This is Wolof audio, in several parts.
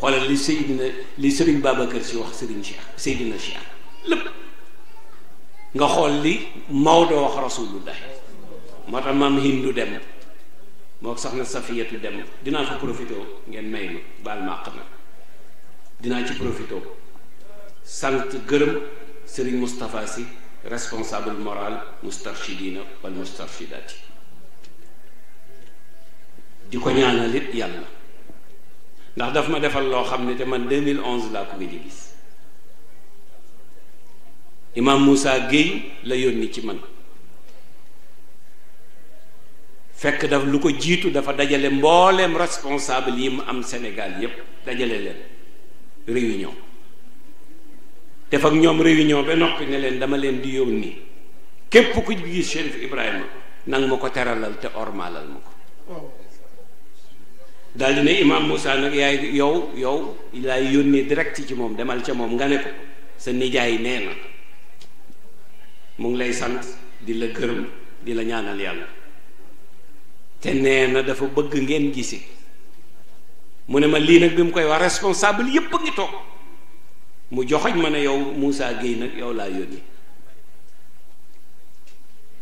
xoolal li Seydina li Serigne Babacar si wax Serigne Cheikh Seydina Cheikh lépp nga xool li Maodo wax rasulullahi moo tax maam Hindu dem moo soxna Safiyatu dem dinaa ko profité ngeen may ma ba ma na dinaa ci profité sant gërëm sëriñ Moustapha si responsable moral mustarshidina wal mustarshidaati di ko ñaanalit yàlla ndax daf ma defal loo xam ne te man 2011 laa ko gëj a gis imaam Moussa Guèye la yónni ci man fekk daf lu ko jiitu dafa dajale mbooleem responsable yi mu am senegal yépp dajale leen réunion def ak ñoom réunion ba noppi ne leen dama leen di yónni képp ku gis Chérif Ibrahima nang ma ko teralal te ormaalal ma ko daal di ne imaam Moussa nag yaay yow yow laay yónnee direct ci moom demal ca moom nga ne ko sa nijaay nee na mu ngi lay sant di la gërëm di la ñaanal yàlla te nee na dafa bëgg ngeen gisi mu ne ma lii nag bi mu koy wax responsable yépp a ngi toog mu joxoñ ma ne yow Moussa Guèye nag yow laa yónni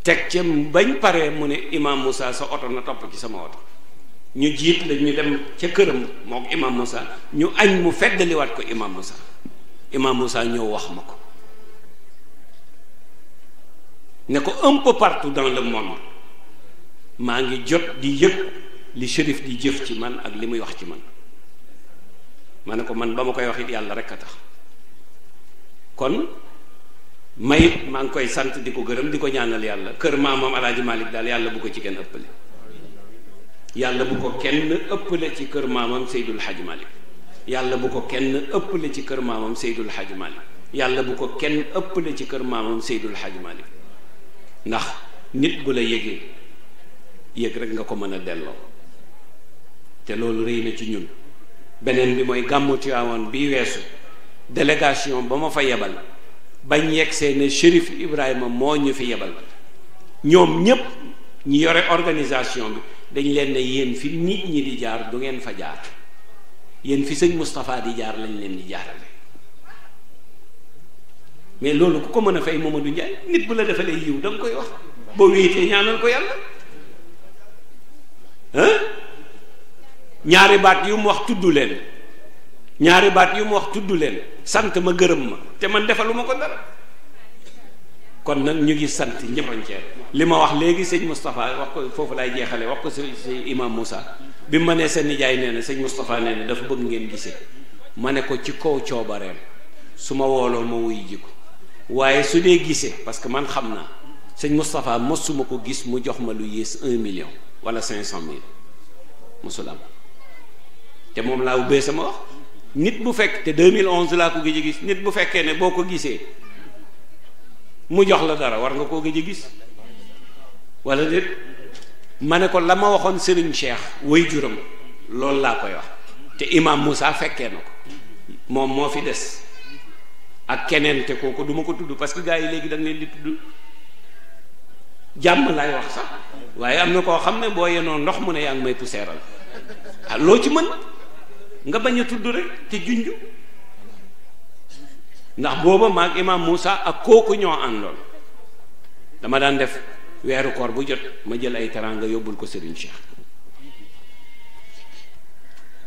teg ca bañ pare mu ne imaam Moussa sa oto na topp ci sama oto ñu jiit la ñu dem ca këram moo ko imam Moussa ñu añ mu feddaliwaat ko imam Moussa imam Moussa ñëw wax ma ko ne ko un peu partout dans le monde maa ngi jot di yëpp li shérif di jëf ci man ak li muy wax ci man ma ne ko man ba ma koy wax yàlla rek a tax kon mayit maa ngi koy sant di ko gërëm di ko ñaanal yàlla kër maamam alaaji Malick daal yàlla bu ko ci gën ëppale yàlla bu ko kenn ëppale ci kër maamam Seydul Hadj malik yàlla bu ko kenn ëppale ci kër maamam Seydul Hadj Malick yàlla bu ko kenn ëpp ëppale ci kër maamam Seydul Hadj malik ndax nit bu la yëgee yëg rek nga ko mën a delloo te loolu rëy na ci ñun beneen bi mooy gàmmu Tiwaawan bi weesu délégation ba ma fa yebal bañ yegg see ne Chérif Ibrahima moo ñu fi yebal ñoom ñépp ñi yore organisation bi dañ leen ne yéen fi nit ñi di jaar du ngeen fa jaar yéen fi sëñ Moustapha di jaar lañ leen di jaarale mais loolu ku ko mën a fay du Ndiaye nit bu la defalee yiw da nga koy wax boo wéetee ñaanal ko yàlla hein ñaari baat yu mu wax tuddu leen ñaari baat yu wax tudd leen sant ma gërëm ma te man defaluma ko dara kon nag ñu ngi sant ñëppanceen li ma wax léegi sëñ Moustapha wax ko foofu laay jeexale wax ko si imam musa bi ma nee seen nijaay nee na sëñ Moustapha nee na dafa bëgg ngeen gisee ma ne ko ci kaw coobareem su ma wooloo ma wuy ji ko waaye su dee gisee parce que man xam naa sëñ Moustapha mosuma ko gis mu jox ma lu yées un million wala cinq cent mille mosul am te moom laa ubbee sama wax nit bu fekk te 2011 laa ko gëj a gis nit bu fekkee ne boo ko gisee mu jox la dara war nga koo gëj a gis walla déet ma ne ko la ma waxoon Serigne Cheikh way juram loolu laa koy wax te imam Moussa fekkee na ko moom moo fi des ak keneen te kooku du ma ko tudd parce que gars yi léegi danga leen di tudd jàmm lay wax sax waaye am na koo xam ne boo yenoon ndox mu ne yaa ngi may poussièreal ah loo ci mën nga bañ a tudd rek te junju ndax booba maag imam Moussa ak kooku ñoo àndoon dama daan def weeru koor bu jot ma jël ay teraanga yóbbul ko Serigne Cheikh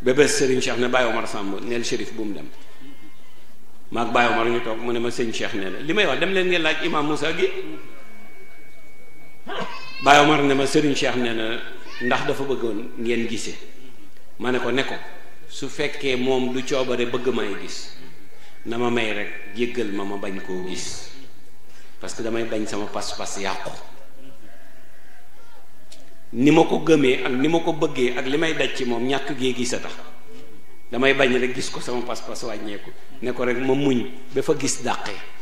bébés Serigne Cheikh ne Baye Omar Samb neel Chérif bu mu dem maag Baye Omar ñu toog mu ne ma sëñ Cheikh nee na li may wax dem leen ngeen laaj imam musa gi Baye Omar ne ma sëriñ Cheikh nee na ndax dafa bëggoon ngeen gise ma ne ko ne ko su fekkee moom du coobare bëgg may gis na ma may rek jéggal ma ma bañ koo gis parce que damay bañ sama pas-pas yàqu ni ma ko gëmee ak ni ma ko bëggee ak li may daj ci moom ñàkk gee gis a tax damay bañ rek gis ko sama pas-pas wàññeeku ne ko rek ma muñ dafa gis dàqee